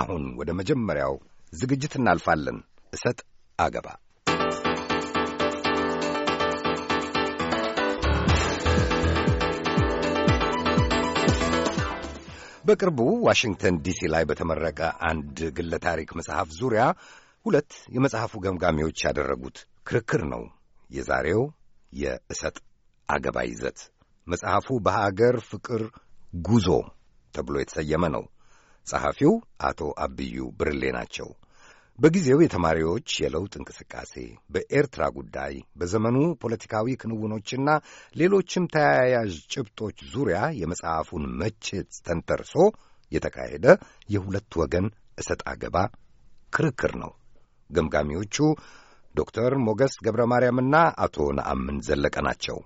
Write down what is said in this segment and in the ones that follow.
አሁን ወደ መጀመሪያው ዝግጅት እናልፋለን። እሰጥ አገባ በቅርቡ ዋሽንግተን ዲሲ ላይ በተመረቀ አንድ ግለ ታሪክ መጽሐፍ ዙሪያ ሁለት የመጽሐፉ ገምጋሚዎች ያደረጉት ክርክር ነው የዛሬው የእሰጥ አገባ ይዘት። መጽሐፉ በሀገር ፍቅር ጉዞ ተብሎ የተሰየመ ነው። ጸሐፊው አቶ አብዩ ብርሌ ናቸው። በጊዜው የተማሪዎች የለውጥ እንቅስቃሴ፣ በኤርትራ ጉዳይ፣ በዘመኑ ፖለቲካዊ ክንውኖችና ሌሎችም ተያያዥ ጭብጦች ዙሪያ የመጽሐፉን መጭት ተንተርሶ የተካሄደ የሁለት ወገን እሰጥ አገባ ክርክር ነው። ገምጋሚዎቹ ዶክተር ሞገስ ገብረ ማርያምና አቶ ነአምን ዘለቀ ናቸው።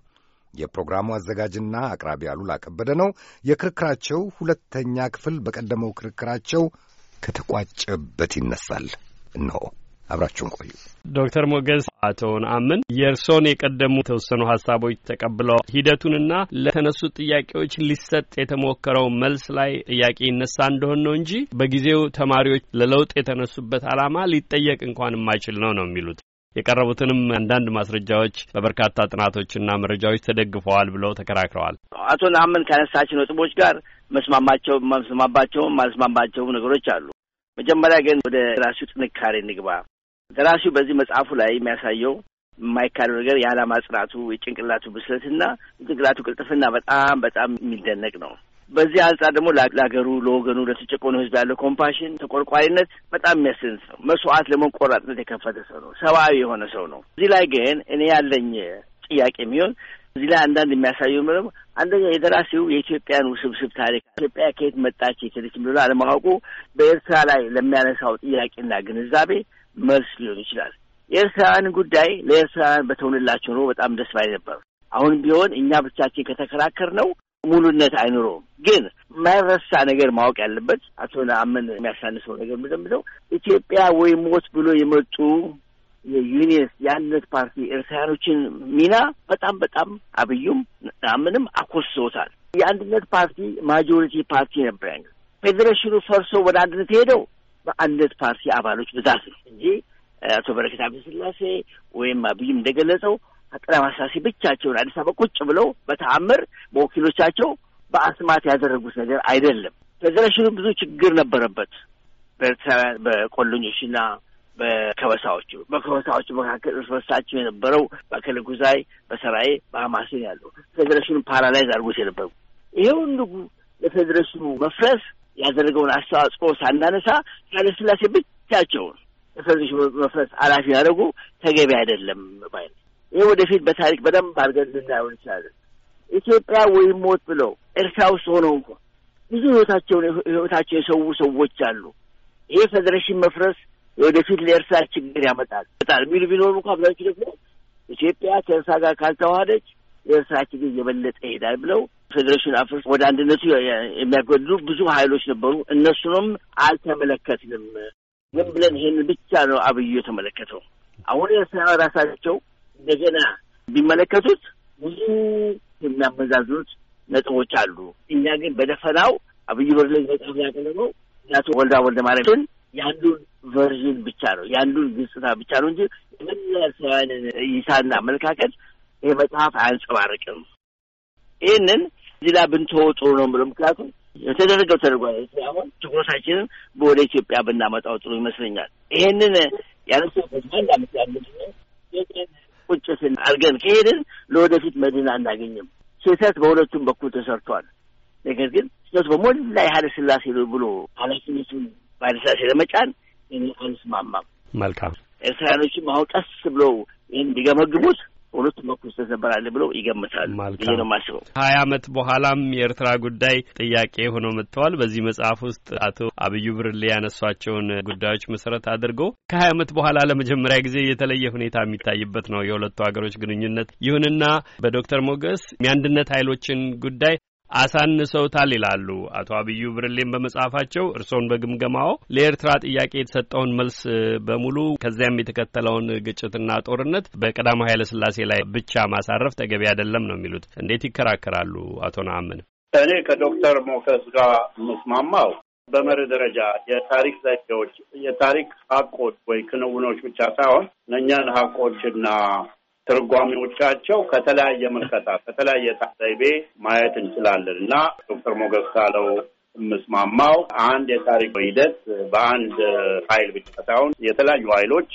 የፕሮግራሙ አዘጋጅና አቅራቢ አሉላ ከበደ ነው። የክርክራቸው ሁለተኛ ክፍል በቀደመው ክርክራቸው ከተቋጨበት ይነሳል። እነሆ አብራችሁን ቆዩ። ዶክተር ሞገስ አቶ ነአምን የእርሶን የቀደሙ የተወሰኑ ሀሳቦች ተቀብለው ሂደቱንና ለተነሱ ጥያቄዎች ሊሰጥ የተሞከረው መልስ ላይ ጥያቄ ይነሳ እንደሆን ነው እንጂ በጊዜው ተማሪዎች ለለውጥ የተነሱበት ዓላማ ሊጠየቅ እንኳን የማይችል ነው ነው የሚሉት የቀረቡትንም አንዳንድ ማስረጃዎች በበርካታ ጥናቶችና መረጃዎች ተደግፈዋል ብለው ተከራክረዋል። አቶ ነአምን ካነሳችን ነጥቦች ጋር መስማማቸው መስማማባቸውም ማልስማማቸውም ነገሮች አሉ። መጀመሪያ ግን ወደ ደራሲው ጥንካሬ ንግባ። ደራሲው በዚህ መጽሐፉ ላይ የሚያሳየው የማይካለው ነገር የዓላማ ጽናቱ፣ የጭንቅላቱ ብስለትና የጭንቅላቱ ቅልጥፍና በጣም በጣም የሚደነቅ ነው። በዚህ አንጻር ደግሞ ለሀገሩ ለወገኑ፣ ለተጨቆነ ህዝብ ያለው ኮምፓሽን ተቆርቋሪነት በጣም የሚያስደንቅ ነው። መስዋዕት ለመቆራጥነት የከፈተ ሰው ነው። ሰብአዊ የሆነ ሰው ነው። እዚህ ላይ ግን እኔ ያለኝ ጥያቄ የሚሆን እዚህ ላይ አንዳንድ የሚያሳዩ ምንም አንደኛ የደራሲው የኢትዮጵያን ውስብስብ ታሪክ ኢትዮጵያ ከየት መጣች የተለች ብሎ አለማወቁ በኤርትራ ላይ ለሚያነሳው ጥያቄና ግንዛቤ መልስ ሊሆን ይችላል። የኤርትራውያን ጉዳይ ለኤርትራውያን በተውንላቸው ኖሮ በጣም ደስ ባይ ነበር። አሁን ቢሆን እኛ ብቻችን ከተከራከር ነው ሙሉነት አይኖረውም። ግን መረሳ ነገር ማወቅ ያለበት አቶ ነአምን የሚያሳንሰው ነገር ምዘምዘው ኢትዮጵያ ወይ ሞት ብሎ የመጡ የዩኒየንስ የአንድነት ፓርቲ ኤርትራያኖችን ሚና በጣም በጣም አብዩም ነአምንም አኮስሶታል። የአንድነት ፓርቲ ማጆሪቲ ፓርቲ ነበር። ያ ፌዴሬሽኑ ፈርሶ ወደ አንድነት ሄደው በአንድነት ፓርቲ አባሎች ብዛት ነው እንጂ አቶ በረከት አብደ ስላሴ ወይም አብይም እንደገለጸው አጥናፍ አስላሴ ብቻቸውን አዲስ አበባ ቁጭ ብለው በተአምር በወኪሎቻቸው በአስማት ያደረጉት ነገር አይደለም። ፌዴሬሽኑ ብዙ ችግር ነበረበት በኤርትራውያን በቆሎኞችና በከበሳዎቹ በከበሳዎቹ መካከል እርስ በርሳቸው የነበረው በአከለ ጉዛይ በሰራዬ በሀማሴን ያለው ፌዴሬሽኑ ፓራላይዝ አድርጎት የነበሩ ይሄ ሁሉ ለፌዴሬሽኑ መፍረስ ያደረገውን አስተዋጽኦ ሳናነሳ ኃይለሥላሴ ብቻቸውን ለፌዴሬሽኑ መፍረስ ኃላፊ ያደረጉ ተገቢ አይደለም ባይነ ይህ ወደፊት በታሪክ በደንብ አድርገን ልናየው እንችላለን። ኢትዮጵያ ወይም ሞት ብለው እርሻ ውስጥ ሆነው እንኳ ብዙ ህይወታቸውን ህይወታቸው የሰው ሰዎች አሉ። ይህ ፌዴሬሽን መፍረስ የወደፊት ለእርሳ ችግር ያመጣል በጣም የሚሉ ቢኖሩ እንኳ አብዛኞቹ ደግሞ ኢትዮጵያ ከእርሳ ጋር ካልተዋሃደች የእርሳ ችግር እየበለጠ ይሄዳል ብለው ፌዴሬሽን አፍርስ ወደ አንድነቱ የሚያገድሉ ብዙ ሀይሎች ነበሩ። እነሱንም አልተመለከትንም። ዝም ብለን ይሄንን ብቻ ነው አብዩ የተመለከተው። አሁን የእርሳ ራሳቸው እንደገና ቢመለከቱት ብዙ የሚያመዛዝኑት ነጥቦች አሉ። እኛ ግን በደፈናው አብይ በር ላይ በጣም ያቀለመው እናቱ ወልዳ ወልደ ማርያምን ያንዱን ቨርዥን ብቻ ነው ያንዱን ግጽታ ብቻ ነው እንጂ የመላ ሰውያንን እይታና አመለካከት ይህ መጽሐፍ አያንጸባርቅም። ይህንን እዚህ ላይ ብንተወ ጥሩ ነው ብሎ ምክንያቱም የተደረገው ተደርጓል። አሁን ትኩረታችንን ወደ ኢትዮጵያ ብናመጣው ጥሩ ይመስለኛል። ይህንን ያነሳበት ዋና ምክንያት ነው? ቁጭትን አድርገን ከሄድን ለወደፊት መድን አናገኝም። ስህተት በሁለቱም በኩል ተሰርቷል። ነገር ግን ስህተቱ በሞላ የኃይለ ነው ብሎ ኃላፊነቱን በኃይለ ለመጫን እኔ አልስማማም። መልካም ኤርትራኖችም አሁን ቀስ ብለው ይህን እንዲገመግሙት ሁለቱ በኩል ስለነበር ብለው ይገምታሉ ብዬ ነው ማስበው። ሀያ አመት በኋላም የኤርትራ ጉዳይ ጥያቄ ሆኖ መጥተዋል። በዚህ መጽሐፍ ውስጥ አቶ አብዩ ብርሌ ያነሷቸውን ጉዳዮች መሰረት አድርጎ ከሀያ አመት በኋላ ለመጀመሪያ ጊዜ የተለየ ሁኔታ የሚታይበት ነው የሁለቱ ሀገሮች ግንኙነት። ይሁንና በዶክተር ሞገስ የአንድነት ኃይሎችን ጉዳይ አሳንሰውታል ይላሉ አቶ አብዩ ብርሌም በመጽሐፋቸው። እርስዎን በግምገማው ለኤርትራ ጥያቄ የተሰጠውን መልስ በሙሉ ከዚያም የተከተለውን ግጭትና ጦርነት በቀዳማዊ ኃይለ ስላሴ ላይ ብቻ ማሳረፍ ተገቢ አይደለም ነው የሚሉት። እንዴት ይከራከራሉ አቶ ነአምን? እኔ ከዶክተር ሞከስ ጋር ምስማማው በመሪ ደረጃ የታሪክ ዘዴዎች የታሪክ ሀቆች ወይ ክንውኖች ብቻ ሳይሆን እነኛን ሀቆችና ትርጓሚዎቻቸው ከተለያየ ምልከታ ከተለያየ ታዛይቤ ማየት እንችላለን እና ዶክተር ሞገስ ካለው የምስማማው አንድ የታሪክ ሂደት በአንድ ኃይል ብቻ ሳይሆን የተለያዩ ኃይሎች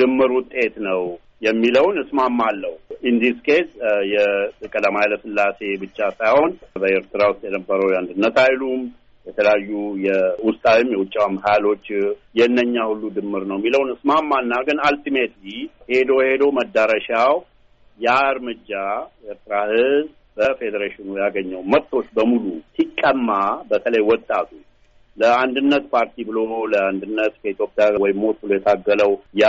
ድምር ውጤት ነው የሚለውን እስማማለሁ። ኢንዲስ ኬዝ uh, የቀዳማዊ ኃይለ ሥላሴ ብቻ ሳይሆን በኤርትራ ውስጥ የነበረው የአንድነት ኃይሉም የተለያዩ የውስጣዊም የውጫም ሀይሎች የእነኛ ሁሉ ድምር ነው የሚለውን እስማማና ግን አልቲሜትሊ ሄዶ ሄዶ መዳረሻው ያ እርምጃ ኤርትራ ህዝብ በፌዴሬሽኑ ያገኘው መብቶች በሙሉ ሲቀማ በተለይ ወጣቱ ለአንድነት ፓርቲ ብሎ ለአንድነት ከኢትዮጵያ ወይም ሞት ብሎ የታገለው ያ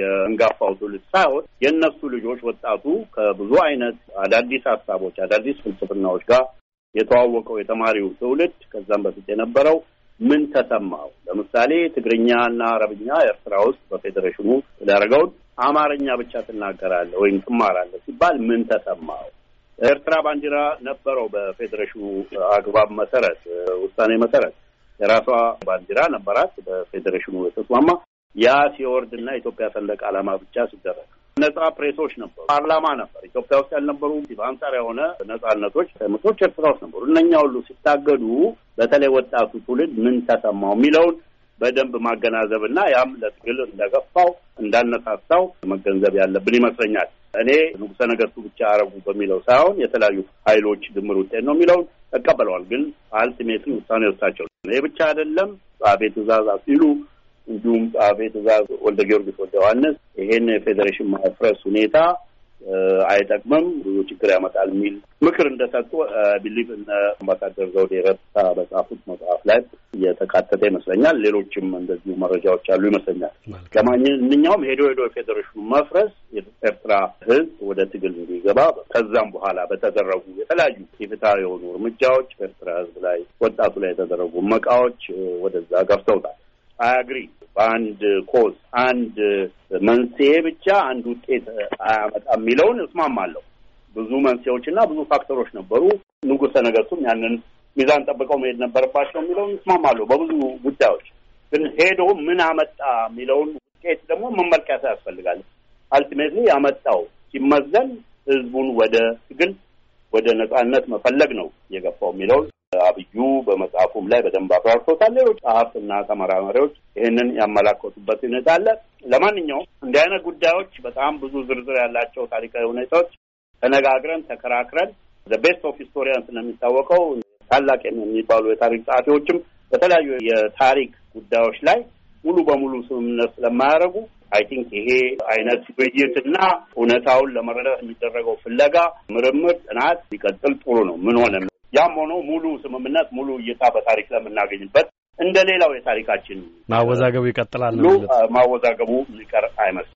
የእንጋፋው ትውልድ ሳይሆን የእነሱ ልጆች ወጣቱ ከብዙ አይነት አዳዲስ ሀሳቦች፣ አዳዲስ ፍልስፍናዎች ጋር የተዋወቀው የተማሪው ትውልድ ከዛም በፊት የነበረው ምን ተሰማው? ለምሳሌ ትግርኛና አረብኛ ኤርትራ ውስጥ በፌዴሬሽኑ ያደረገውን አማርኛ ብቻ ትናገራለህ ወይም ትማራለህ ሲባል ምን ተሰማው? ኤርትራ ባንዲራ ነበረው በፌዴሬሽኑ አግባብ መሰረት ውሳኔ መሰረት የራሷ ባንዲራ ነበራት። በፌዴሬሽኑ የተስማማ ያ ሲወርድና ኢትዮጵያ ሰንደቅ ዓላማ ብቻ ሲደረግ ነጻ ፕሬሶች ነበሩ፣ ፓርላማ ነበር። ኢትዮጵያ ውስጥ ያልነበሩ በአንጻር የሆነ ነጻነቶች ምቶች ኤርትራ ውስጥ ነበሩ። እነኛ ሁሉ ሲታገዱ በተለይ ወጣቱ ትውልድ ምን ተሰማው የሚለውን በደንብ ማገናዘብ እና ያም ለትግል እንደገፋው እንዳነሳሳው መገንዘብ ያለብን ይመስለኛል። እኔ ንጉሰ ነገስቱ ብቻ አረጉ በሚለው ሳይሆን የተለያዩ ኃይሎች ድምር ውጤት ነው የሚለውን እቀበለዋል። ግን አልቲሜትን ውሳኔ ወሳቸው ይህ ብቻ አይደለም። አቤ ትእዛዝ ሲሉ እንዲሁም ጸሐፌ ትእዛዝ ወልደ ጊዮርጊስ ወልደ ዮሐንስ ይሄን ፌዴሬሽን ማፍረስ ሁኔታ አይጠቅምም፣ ብዙ ችግር ያመጣል የሚል ምክር እንደሰጡ ቢሊቭ እነ አምባሳደር ዘውዴ ረታ በጻፉት መጽሐፍ ላይ እየተካተተ ይመስለኛል። ሌሎችም እንደዚሁ መረጃዎች አሉ ይመስለኛል። ለማንኛውም ሄዶ ሄዶ የፌዴሬሽኑ መፍረስ ኤርትራ ሕዝብ ወደ ትግል እንዲገባ ከዛም በኋላ በተደረጉ የተለያዩ የፍትሐዊ የሆኑ እርምጃዎች በኤርትራ ሕዝብ ላይ ወጣቱ ላይ የተደረጉ መቃዎች ወደዛ ገፍተውታል። አያግሪ በአንድ ኮዝ አንድ መንስኤ ብቻ አንድ ውጤት አያመጣ የሚለውን እስማማለሁ። ብዙ እና ብዙ ፋክተሮች ነበሩ። ንጉሰ ነገስቱም ያንን ሚዛን ጠብቀው መሄድ ነበረባቸው የሚለውን እስማማለሁ። በብዙ ጉዳዮች ግን ሄዶ ምን አመጣ የሚለውን ውጤት ደግሞ መመልከት ያስፈልጋል። አልቲሜትሊ ያመጣው ሲመዘን ህዝቡን ወደ ትግል ወደ ነጻነት መፈለግ ነው የገፋው የሚለውን አብዩ በመጽሐፉም ላይ በደንብ አብራርቶታል። ሌሎች ጸሐፍትና ተመራማሪዎች ይህንን ያመላከቱበት ሁኔታ አለ። ለማንኛውም እንዲህ አይነት ጉዳዮች በጣም ብዙ ዝርዝር ያላቸው ታሪካዊ ሁኔታዎች ተነጋግረን ተከራክረን ቤስት ኦፍ ሂስቶሪያንስ እንደሚታወቀው ታላቅ የሚባሉ የታሪክ ጸሐፊዎችም በተለያዩ የታሪክ ጉዳዮች ላይ ሙሉ በሙሉ ስምምነት ስለማያደርጉ አይ ቲንክ ይሄ አይነት ውይይትና እውነታውን ለመረዳት የሚደረገው ፍለጋ፣ ምርምር፣ ጥናት ሊቀጥል ጥሩ ነው። ምን ሆነ ያም ሆኖ ሙሉ ስምምነት ሙሉ እይታ በታሪክ ለምናገኝበት እንደ ሌላው የታሪካችን ማወዛገቡ ይቀጥላል። ማወዛገቡ ሊቀር አይመስልም።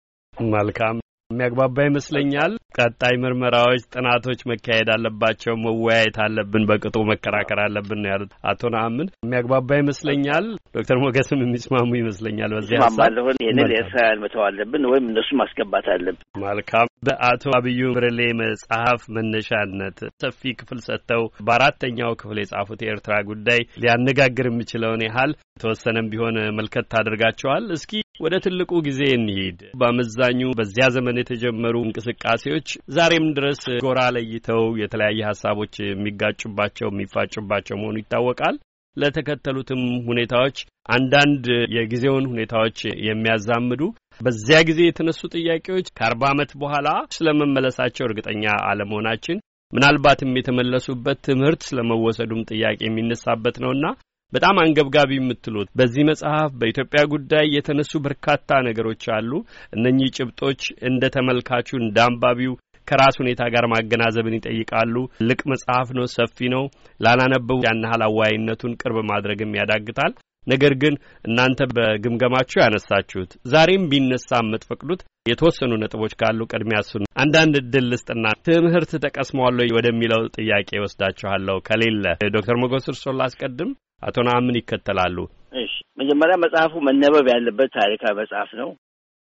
መልካም የሚያግባባ ይመስለኛል። ቀጣይ ምርመራዎች፣ ጥናቶች መካሄድ አለባቸው። መወያየት አለብን። በቅጡ መከራከር አለብን ነው ያሉት አቶ ነአምን። የሚያግባባ ይመስለኛል። ዶክተር ሞገስም የሚስማሙ ይመስለኛል። በዚህ ሀሳብ ይህንን ለእስራኤል መተው አለብን ወይም እነሱ ማስገባት አለብን። መልካም በአቶ አብዩ ብርሌ መጽሐፍ መነሻነት ሰፊ ክፍል ሰጥተው በአራተኛው ክፍል የጻፉት የኤርትራ ጉዳይ ሊያነጋግር የሚችለውን ያህል የተወሰነም ቢሆን መልከት ታደርጋቸዋል። እስኪ ወደ ትልቁ ጊዜ እንሂድ። በአመዛኙ በዚያ ዘመን የተጀመሩ እንቅስቃሴዎች ዛሬም ድረስ ጎራ ለይተው የተለያየ ሀሳቦች የሚጋጩባቸው የሚፋጩባቸው መሆኑ ይታወቃል። ለተከተሉትም ሁኔታዎች አንዳንድ የጊዜውን ሁኔታዎች የሚያዛምዱ በዚያ ጊዜ የተነሱ ጥያቄዎች ከአርባ ዓመት በኋላ ስለመመለሳቸው እርግጠኛ አለመሆናችን ምናልባትም የተመለሱበት ትምህርት ስለመወሰዱም ጥያቄ የሚነሳበት ነውና በጣም አንገብጋቢ የምትሉት በዚህ መጽሐፍ በኢትዮጵያ ጉዳይ የተነሱ በርካታ ነገሮች አሉ። እነኚህ ጭብጦች እንደ ተመልካቹ እንደ አንባቢው ከራስ ሁኔታ ጋር ማገናዘብን ይጠይቃሉ። ልቅ መጽሐፍ ነው፣ ሰፊ ነው። ላላነበቡ ያን ያህል አወያይነቱን ቅርብ ማድረግም ያዳግታል። ነገር ግን እናንተ በግምገማችሁ ያነሳችሁት ዛሬም ቢነሳ የምትፈቅዱት የተወሰኑ ነጥቦች ካሉ ቅድሚያ እሱን አንዳንድ እድል ልስጥና ትምህርት ተቀስሟል ወደሚለው ጥያቄ ወስዳችኋለሁ። ከሌለ ዶክተር መጎስ እርስዎን ላስቀድም፣ አቶ ናምን ይከተላሉ። እሺ፣ መጀመሪያ መጽሐፉ መነበብ ያለበት ታሪካዊ መጽሐፍ ነው።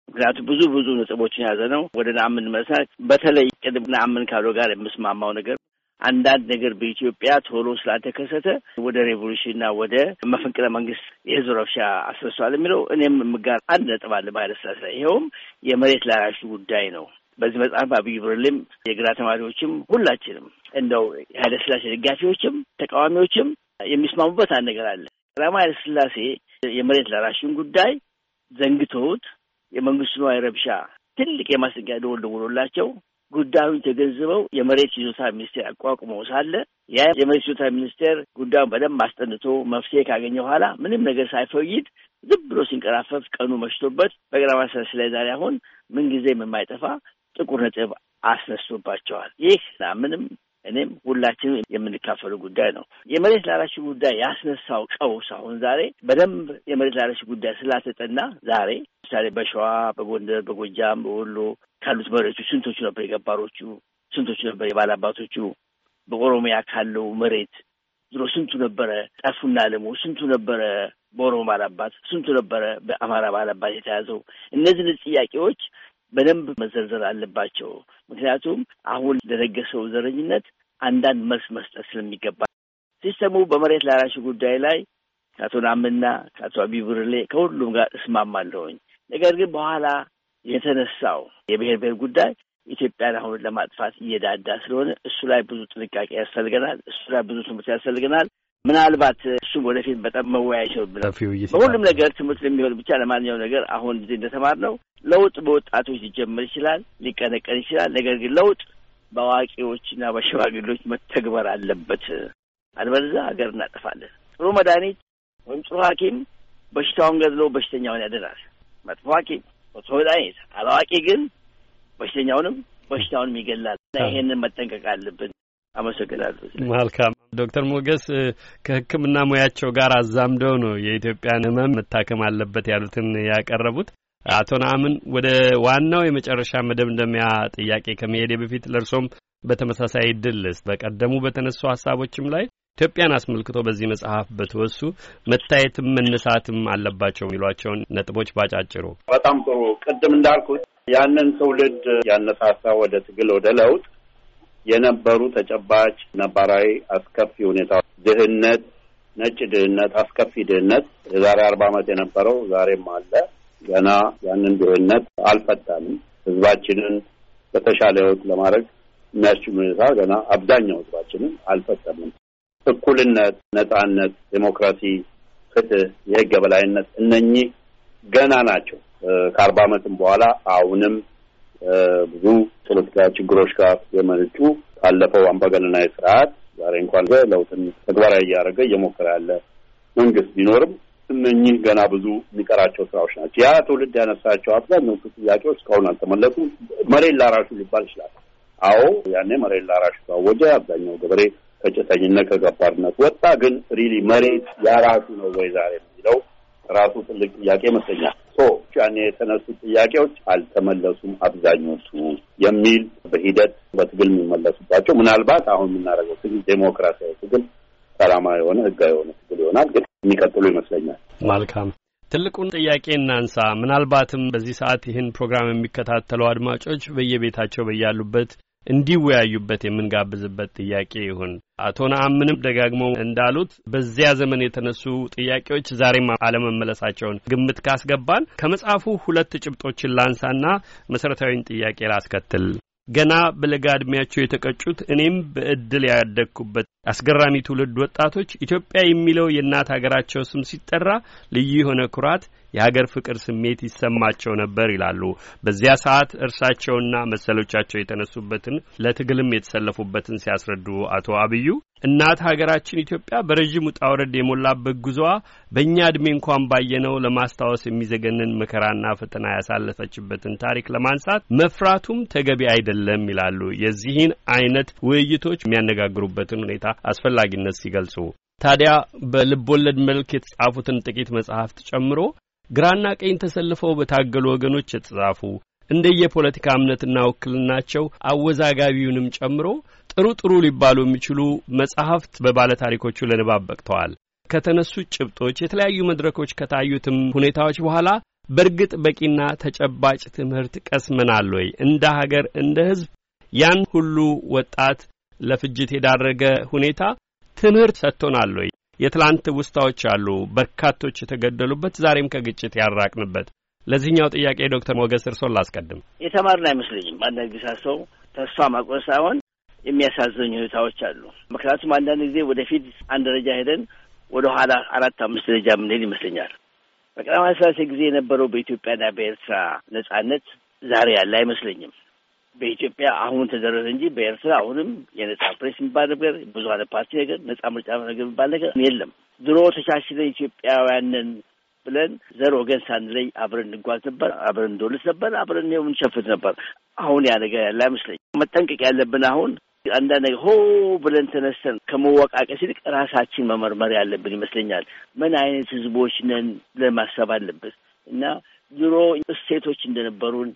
ምክንያቱም ብዙ ብዙ ነጥቦችን የያዘ ነው። ወደ ናምን መሳ በተለይ ቅድም ናምን ካሉ ጋር የምስማማው ነገር አንዳንድ ነገር በኢትዮጵያ ቶሎ ስላልተከሰተ ወደ ሬቮሉሽንና ወደ መፈንቅለ መንግስት የህዝብ ረብሻ አስነሷል የሚለው እኔም የምጋር አንድ ነጥብ አለ ባለስላሴ ላይ ይኸውም የመሬት ላራሹ ጉዳይ ነው። በዚህ መጽሐፍ አብይ ብርሌም የግራ ተማሪዎችም ሁላችንም እንደው ኃይለስላሴ ደጋፊዎችም ተቃዋሚዎችም የሚስማሙበት አንድ ነገር አለ። ቀዳማዊ ኃይለስላሴ የመሬት ላራሹን ጉዳይ ዘንግቶት የመንግስቱ ነዋይ ረብሻ ትልቅ የማስጠንቀቂያ ደወል ደውሎላቸው ጉዳዩን ተገንዝበው የመሬት ይዞታ ሚኒስቴር አቋቁመው ሳለ ያ የመሬት ይዞታ ሚኒስቴር ጉዳዩን በደንብ አስጠንቶ መፍትሄ ካገኘ በኋላ ምንም ነገር ሳይፈይድ ዝም ብሎ ሲንቀራፈፍ ቀኑ መሽቶበት በቀዳማዊ ኃይለ ዛሬ አሁን ምንጊዜም የማይጠፋ ጥቁር ነጥብ አስነስቶባቸዋል ይህ ምንም እኔም ሁላችንም የምንካፈሉ ጉዳይ ነው። የመሬት ላራሽ ጉዳይ ያስነሳው ቀውስ አሁን ዛሬ በደንብ የመሬት ላራሽ ጉዳይ ስላልተጠና ዛሬ ምሳሌ በሸዋ፣ በጎንደር፣ በጎጃም፣ በወሎ ካሉት መሬቱ ስንቶቹ ነበር የገባሮቹ፣ ስንቶቹ ነበር የባላባቶቹ፣ በኦሮሚያ ካለው መሬት ድሮ ስንቱ ነበረ ጠፉና ልሙ፣ ስንቱ ነበረ በኦሮሞ ባላባት፣ ስንቱ ነበረ በአማራ ባላባት የተያዘው እነዚህን ጥያቄዎች በደንብ መዘርዘር አለባቸው። ምክንያቱም አሁን ለነገሰው ዘረኝነት አንዳንድ መልስ መስጠት ስለሚገባ ሲስተሙ በመሬት ላራሽ ጉዳይ ላይ ከአቶ ናምና ከአቶ አቢ ብርሌ ከሁሉም ጋር እስማማለሁኝ። ነገር ግን በኋላ የተነሳው የብሔር ብሔር ጉዳይ ኢትዮጵያን አሁን ለማጥፋት እየዳዳ ስለሆነ እሱ ላይ ብዙ ጥንቃቄ ያስፈልገናል። እሱ ላይ ብዙ ትምህርት ያስፈልገናል። ምናልባት እሱም ወደፊት በጣም መወያየት ይኖርብናል። በሁሉም ነገር ትምህርት ለሚሆን ብቻ ለማንኛውም ነገር አሁን ጊዜ እንደተማርነው ለውጥ በወጣቶች ሊጀመር ይችላል፣ ሊቀነቀን ይችላል። ነገር ግን ለውጥ በአዋቂዎችና በሽማግሌዎች መተግበር አለበት። አለበለዚያ ሀገር እናጠፋለን። ጥሩ መድኃኒት ወይም ጥሩ ሐኪም በሽታውን ገድሎ በሽተኛውን ያድናል። መጥፎ ሐኪም መጥፎ መድኃኒት፣ አላዋቂ ግን በሽተኛውንም በሽታውንም ይገላል ይሄንን መጠንቀቅ አለብን። አመሰግናለሁ። መልካም ዶክተር ሞገስ ከሕክምና ሙያቸው ጋር አዛምደው ነው የኢትዮጵያን ህመም መታከም አለበት ያሉትን ያቀረቡት። አቶ ነአምን ወደ ዋናው የመጨረሻ መደምደሚያ ጥያቄ ከመሄዴ በፊት ለእርሶም በተመሳሳይ ድልስ በቀደሙ በተነሱ ሀሳቦችም ላይ ኢትዮጵያን አስመልክቶ በዚህ መጽሐፍ በተወሱ መታየትም መነሳትም አለባቸው የሚሏቸውን ነጥቦች ባጫጭሩ። በጣም ጥሩ። ቅድም እንዳልኩት ያንን ትውልድ ያነሳሳ ወደ ትግል ወደ ለውጥ የነበሩ ተጨባጭ ነባራዊ አስከፊ ሁኔታ ድህነት፣ ነጭ ድህነት፣ አስከፊ ድህነት የዛሬ አርባ ዓመት የነበረው ዛሬም አለ። ገና ያንን ድህነት አልፈታንም። ህዝባችንን በተሻለ ህይወት ለማድረግ የሚያስችል ሁኔታ ገና አብዛኛው ህዝባችንን አልፈጠምም። እኩልነት፣ ነጻነት፣ ዴሞክራሲ፣ ፍትህ፣ የህግ የበላይነት እነኚህ ገና ናቸው። ከአርባ ዓመትም በኋላ አሁንም ብዙ ፖለቲካ ችግሮች ጋር የመነጩ ካለፈው አምባገነናዊ ስርዓት ዛሬ እንኳን ለውጥን ተግባራዊ እያደረገ እየሞከረ ያለ መንግስት ቢኖርም እነኚህ ገና ብዙ የሚቀራቸው ስራዎች ናቸው። ያ ትውልድ ያነሳቸው አብዛኞቹ ጥያቄዎች እስካሁን አልተመለሱ። መሬት ላራሹ ሊባል ይችላል። አዎ ያኔ መሬት ላራሹ ታወጀ። አብዛኛው ገበሬ ከጭሰኝነት ከገባርነት ወጣ። ግን ሪሊ መሬት ያራሹ ነው ወይ ዛሬ የሚለው ራሱ ትልቅ ጥያቄ ይመስለኛል። ያኔ የተነሱ ጥያቄዎች አልተመለሱም አብዛኞቹ የሚል በሂደት በትግል የሚመለሱባቸው ምናልባት አሁን የምናደርገው ትግል ዴሞክራሲያዊ ትግል፣ ሰላማዊ የሆነ ህጋዊ የሆነ ትግል ይሆናል። ግን የሚቀጥሉ ይመስለኛል። መልካም። ትልቁን ጥያቄ እናንሳ። ምናልባትም በዚህ ሰዓት ይህን ፕሮግራም የሚከታተሉ አድማጮች በየቤታቸው በያሉበት እንዲወያዩበት የምንጋብዝበት ጥያቄ ይሁን። አቶ ነአምንም ደጋግሞ እንዳሉት በዚያ ዘመን የተነሱ ጥያቄዎች ዛሬም አለመመለሳቸውን ግምት ካስገባን ከመጽሐፉ ሁለት ጭብጦችን ላንሳና መሠረታዊን ጥያቄ ላስከትል። ገና በለጋ ዕድሜያቸው የተቀጩት እኔም በእድል ያደግኩበት አስገራሚ ትውልድ ወጣቶች ኢትዮጵያ የሚለው የእናት ሀገራቸው ስም ሲጠራ ልዩ የሆነ ኩራት የሀገር ፍቅር ስሜት ይሰማቸው ነበር ይላሉ። በዚያ ሰዓት እርሳቸውና መሰሎቻቸው የተነሱበትን ለትግልም የተሰለፉበትን ሲያስረዱ አቶ አብዩ እናት ሀገራችን ኢትዮጵያ በረዥም ውጣ ውረድ የሞላበት ጉዞዋ በእኛ እድሜ እንኳን ባየነው ለማስታወስ የሚዘገንን መከራና ፈተና ያሳለፈችበትን ታሪክ ለማንሳት መፍራቱም ተገቢ አይደለም ይላሉ። የዚህን አይነት ውይይቶች የሚያነጋግሩበትን ሁኔታ አስፈላጊነት ሲገልጹ ታዲያ በልብ ወለድ መልክ የተጻፉትን ጥቂት መጽሐፍት ጨምሮ ግራና ቀኝ ተሰልፈው በታገሉ ወገኖች የተጻፉ እንደየፖለቲካ እምነትና ውክልናቸው አወዛጋቢውንም ጨምሮ ጥሩ ጥሩ ሊባሉ የሚችሉ መጽሐፍት በባለታሪኮቹ ለንባብ በቅተዋል። ከተነሱት ጭብጦች የተለያዩ መድረኮች ከታዩትም ሁኔታዎች በኋላ በእርግጥ በቂና ተጨባጭ ትምህርት ቀስመናል ወይ? እንደ ሀገር፣ እንደ ሕዝብ ያን ሁሉ ወጣት ለፍጅት የዳረገ ሁኔታ ትምህርት ሰጥቶናል ወይ? የትላንት ውስታዎች አሉ፣ በርካቶች የተገደሉበት ዛሬም ከግጭት ያራቅንበት። ለዚህኛው ጥያቄ ዶክተር ሞገስ እርሶን ላስቀድም። የተማርን አይመስለኝም። አንዳንድ ጊዜ ሳስበው ተስፋ ማቆስ ሳይሆን የሚያሳዝኝ ሁኔታዎች አሉ። ምክንያቱም አንዳንድ ጊዜ ወደፊት አንድ ደረጃ ሄደን ወደ ኋላ አራት አምስት ደረጃ ምንሄድ ይመስለኛል። በቀዳማዊ ሥላሴ ጊዜ የነበረው በኢትዮጵያና በኤርትራ ነጻነት ዛሬ ያለ አይመስለኝም። በኢትዮጵያ አሁን ተደረሰ እንጂ በኤርትራ አሁንም የነጻ ፕሬስ የሚባል ነገር ብዙኃን ፓርቲ ነገር ነጻ ምርጫ ነገር የሚባል ነገር የለም። ድሮ ተቻችለን ኢትዮጵያውያንን ብለን ዘር ወገን ሳንለይ አብረን እንጓዝ ነበር፣ አብረን እንዶልስ ነበር፣ አብረን ይኸው እንሸፍት ነበር። አሁን ያ ነገር ያለ አይመስለኝ። መጠንቀቅ ያለብን አሁን አንዳንድ ነገር ሆ ብለን ተነስተን ከመወቃቀስ ይልቅ ራሳችን መመርመር ያለብን ይመስለኛል። ምን አይነት ህዝቦች ነን ብለን ማሰብ አለብን እና ድሮ እሴቶች እንደነበሩን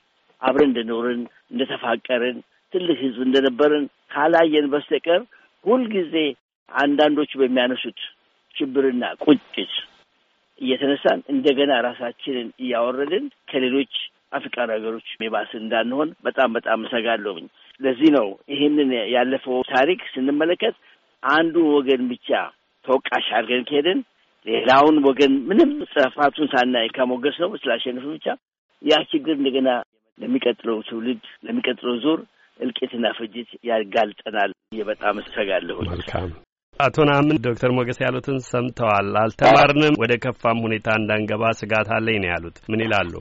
አብረን እንደኖርን እንደተፋቀርን ትልቅ ህዝብ እንደነበርን ካላየን በስተቀር ሁልጊዜ አንዳንዶቹ በሚያነሱት ችብርና ቁጭት እየተነሳን እንደገና ራሳችንን እያወረድን ከሌሎች አፍሪካን ሀገሮች የባስን እንዳንሆን በጣም በጣም እሰጋለሁኝ። ለዚህ ነው ይህንን ያለፈው ታሪክ ስንመለከት አንዱ ወገን ብቻ ተወቃሽ አድርገን ከሄድን ሌላውን ወገን ምንም ጽፋቱን ሳናይ ከሞገስ ነው ስላሸንፍ ብቻ ያ ችግር እንደገና ለሚቀጥለው ትውልድ ለሚቀጥለው ዙር እልቂትና ፍጅት ያጋልጠናል። በጣም እሰጋለሁ። መልካም አቶ ናምን ዶክተር ሞገስ ያሉትን ሰምተዋል። አልተማርንም፣ ወደ ከፋም ሁኔታ እንዳንገባ ስጋት አለኝ ነው ያሉት። ምን ይላሉ?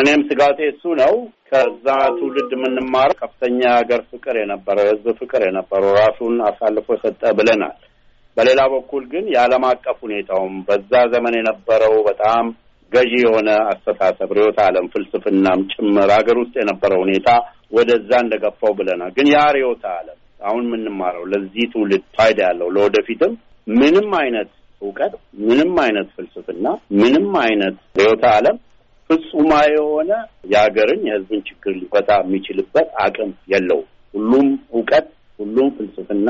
እኔም ስጋቴ እሱ ነው። ከዛ ትውልድ የምንማረው ከፍተኛ ሀገር ፍቅር የነበረው የሕዝብ ፍቅር የነበረው ራሱን አሳልፎ የሰጠ ብለናል። በሌላ በኩል ግን የዓለም አቀፍ ሁኔታውም በዛ ዘመን የነበረው በጣም ገዢ የሆነ አስተሳሰብ ርዕዮተ ዓለም ፍልስፍናም ጭምር ሀገር ውስጥ የነበረ ሁኔታ ወደዛ እንደገፋው ብለናል። ግን ያ ርዕዮተ ዓለም አሁን የምንማረው ለዚህ ትውልድ ፋይዳ ያለው ለወደፊትም ምንም አይነት እውቀት፣ ምንም አይነት ፍልስፍና፣ ምንም አይነት ርዕዮተ ዓለም ፍጹማ የሆነ የሀገርን የሕዝብን ችግር ሊፈታ የሚችልበት አቅም የለው ሁሉም እውቀት፣ ሁሉም ፍልስፍና፣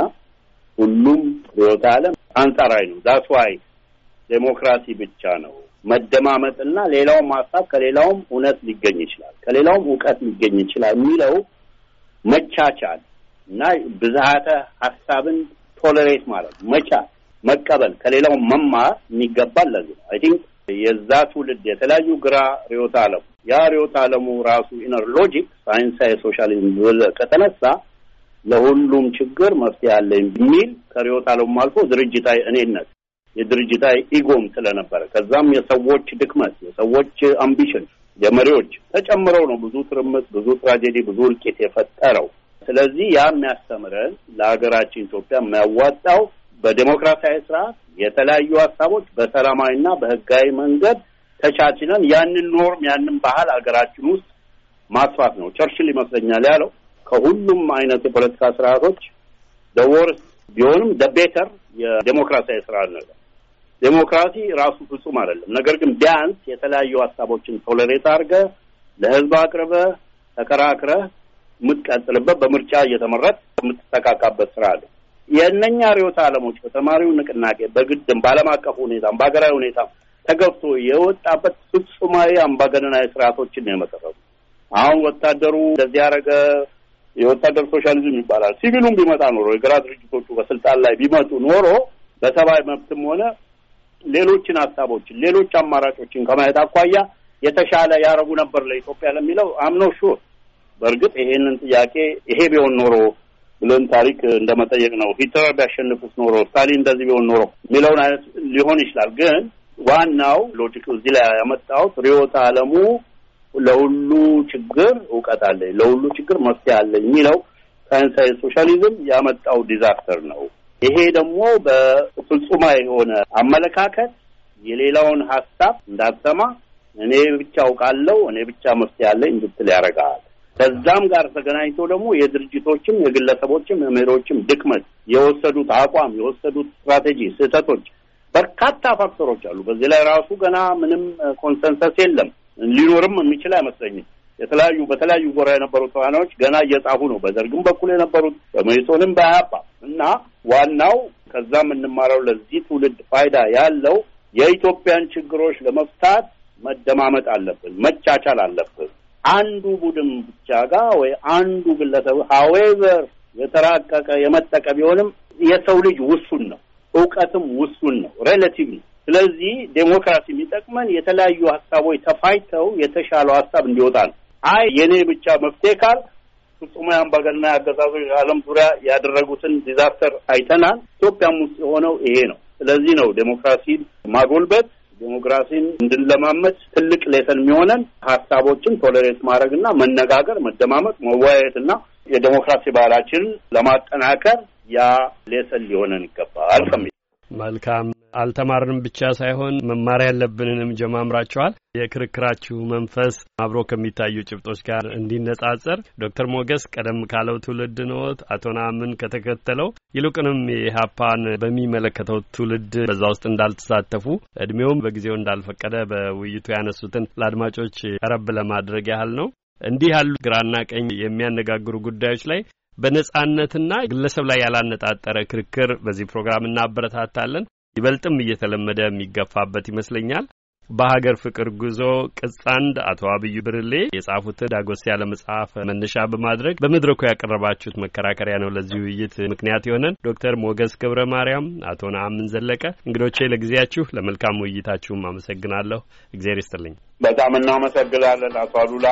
ሁሉም ርዕዮተ ዓለም አንጻራዊ ነው። ዳስ ዋይ ዴሞክራሲ ብቻ ነው መደማመጥና ሌላውም ሀሳብ ከሌላውም እውነት ሊገኝ ይችላል፣ ከሌላውም እውቀት ሊገኝ ይችላል የሚለው መቻቻል እና ብዝሃተ ሀሳብን ቶለሬት ማለት መቻል፣ መቀበል፣ ከሌላውም መማር የሚገባል። ለዚህ ነው አይ ቲንክ የዛ ትውልድ የተለያዩ ግራ ርዕዮተ ዓለሙ ያ ርዕዮተ ዓለሙ ራሱ ኢነር ሎጂክ ሳይንሳዊ ሶሻሊዝም ከተነሳ ለሁሉም ችግር መፍትሄ አለ የሚል ከርዕዮተ ዓለሙ አልፎ ድርጅታዊ እኔነት የድርጅታዊ ኢጎም ስለነበረ ከዛም የሰዎች ድክመት፣ የሰዎች አምቢሽን፣ የመሪዎች ተጨምረው ነው ብዙ ትርምስ፣ ብዙ ትራጀዲ፣ ብዙ እልቂት የፈጠረው። ስለዚህ ያ የሚያስተምረን ለሀገራችን ኢትዮጵያ የሚያዋጣው በዴሞክራሲያዊ ስርዓት የተለያዩ ሀሳቦች በሰላማዊና በህጋዊ መንገድ ተቻችለን ያንን ኖርም ያንን ባህል ሀገራችን ውስጥ ማስፋት ነው። ቸርችል ይመስለኛል ያለው ከሁሉም አይነት የፖለቲካ ስርዓቶች ደወርስ ቢሆንም ደቤተር የዴሞክራሲያዊ ስርዓት ነገር ዴሞክራሲ ራሱ ፍጹም አይደለም። ነገር ግን ቢያንስ የተለያዩ ሀሳቦችን ቶለሬት አድርገ ለህዝብ አቅርበ ተከራክረ የምትቀጥልበት በምርጫ እየተመረት የምትተካካበት ስራ አለ። የእነኛ ርዕዮተ አለሞች በተማሪው ንቅናቄ በግድም በዓለም አቀፉ ሁኔታም በሀገራዊ ሁኔታ ተገብቶ የወጣበት ፍጹማዊ አምባገነናዊ ስርዓቶችን ነው የመሰረቱ። አሁን ወታደሩ እንደዚህ ያደረገ የወታደር ሶሻሊዝም ይባላል። ሲቪሉም ቢመጣ ኖሮ የግራ ድርጅቶቹ በስልጣን ላይ ቢመጡ ኖሮ በሰብአዊ መብትም ሆነ ሌሎችን ሀሳቦችን ሌሎች አማራጮችን ከማየት አኳያ የተሻለ ያደረጉ ነበር ለኢትዮጵያ ለሚለው አምኖ ሹር በእርግጥ ይሄንን ጥያቄ ይሄ ቢሆን ኖሮ ብለን ታሪክ እንደመጠየቅ ነው። ሂትለር ቢያሸንፉት ኖሮ፣ ስታሊን እንደዚህ ቢሆን ኖሮ የሚለውን አይነት ሊሆን ይችላል። ግን ዋናው ሎጂክ እዚህ ላይ ያመጣሁት ርዕዮተ ዓለሙ ለሁሉ ችግር እውቀት አለኝ፣ ለሁሉ ችግር መፍትሄ አለኝ የሚለው ሳይንሳዊ ሶሻሊዝም ያመጣው ዲዛስተር ነው። ይሄ ደግሞ በፍጹማ የሆነ አመለካከት የሌላውን ሀሳብ እንዳትሰማ እኔ ብቻ አውቃለሁ፣ እኔ ብቻ መፍትሄ አለኝ እንድትል ያደርጋል። ከዛም ጋር ተገናኝቶ ደግሞ የድርጅቶችም የግለሰቦችም የመሪዎችም ድክመት፣ የወሰዱት አቋም፣ የወሰዱት ስትራቴጂ ስህተቶች፣ በርካታ ፋክተሮች አሉ። በዚህ ላይ ራሱ ገና ምንም ኮንሰንሰስ የለም፣ ሊኖርም የሚችል አይመስለኝም። የተለያዩ በተለያዩ ጎራ የነበሩ ተዋናዮች ገና እየጻፉ ነው። በደርግም በኩል የነበሩት በመኢሶንም በአያባ እና ዋናው ከዛ የምንማረው ለዚህ ትውልድ ፋይዳ ያለው የኢትዮጵያን ችግሮች ለመፍታት መደማመጥ አለብን፣ መቻቻል አለብን። አንዱ ቡድን ብቻ ጋር ወይ አንዱ ግለሰብ ሀዌቨር የተራቀቀ የመጠቀ ቢሆንም የሰው ልጅ ውሱን ነው፣ እውቀትም ውሱን ነው፣ ሬሌቲቭ ነው። ስለዚህ ዴሞክራሲ የሚጠቅመን የተለያዩ ሀሳቦች ተፋይተው የተሻለው ሀሳብ እንዲወጣ ነው። አይ የኔ ብቻ መፍትሄ ካል ፍጹማዊ አምባገነን አገዛዞች ዓለም ዙሪያ ያደረጉትን ዲዛስተር አይተናል። ኢትዮጵያም ውስጥ የሆነው ይሄ ነው። ስለዚህ ነው ዴሞክራሲን ማጎልበት ዴሞክራሲን እንድንለማመድ ትልቅ ሌሰን የሚሆነን ሀሳቦችን ቶለሬት ማድረግና መነጋገር፣ መደማመጥ፣ መወያየትና የዴሞክራሲ ባህላችንን ለማጠናከር ያ ሌሰን ሊሆነን ይገባል። መልካም አልተማርንም ብቻ ሳይሆን መማር ያለብንንም ጀማምራችኋል። የክርክራችሁ መንፈስ አብሮ ከሚታዩ ጭብጦች ጋር እንዲነጻጸር ዶክተር ሞገስ ቀደም ካለው ትውልድ ነዎት፣ አቶ ናምን ከተከተለው ይልቁንም የኢህአፓን በሚመለከተው ትውልድ በዛ ውስጥ እንዳልተሳተፉ እድሜውም በጊዜው እንዳልፈቀደ በውይይቱ ያነሱትን ለአድማጮች ረብ ለማድረግ ያህል ነው። እንዲህ ያሉ ግራና ቀኝ የሚያነጋግሩ ጉዳዮች ላይ በነጻነትና ግለሰብ ላይ ያላነጣጠረ ክርክር በዚህ ፕሮግራም እናበረታታለን። ይበልጥም እየተለመደ የሚገፋበት ይመስለኛል። በሀገር ፍቅር ጉዞ ቅጽ አንድ አቶ አብዩ ብርሌ የጻፉትን ዳጎስ ያለ መጽሐፍ መነሻ በማድረግ በመድረኩ ያቀረባችሁት መከራከሪያ ነው ለዚህ ውይይት ምክንያት የሆነን። ዶክተር ሞገስ ገብረ ማርያም፣ አቶ ነአምን ዘለቀ እንግዶቼ ለጊዜያችሁ ለመልካም ውይይታችሁም አመሰግናለሁ። እግዜር ይስጥልኝ። በጣም እናመሰግናለን አቶ አሉላ።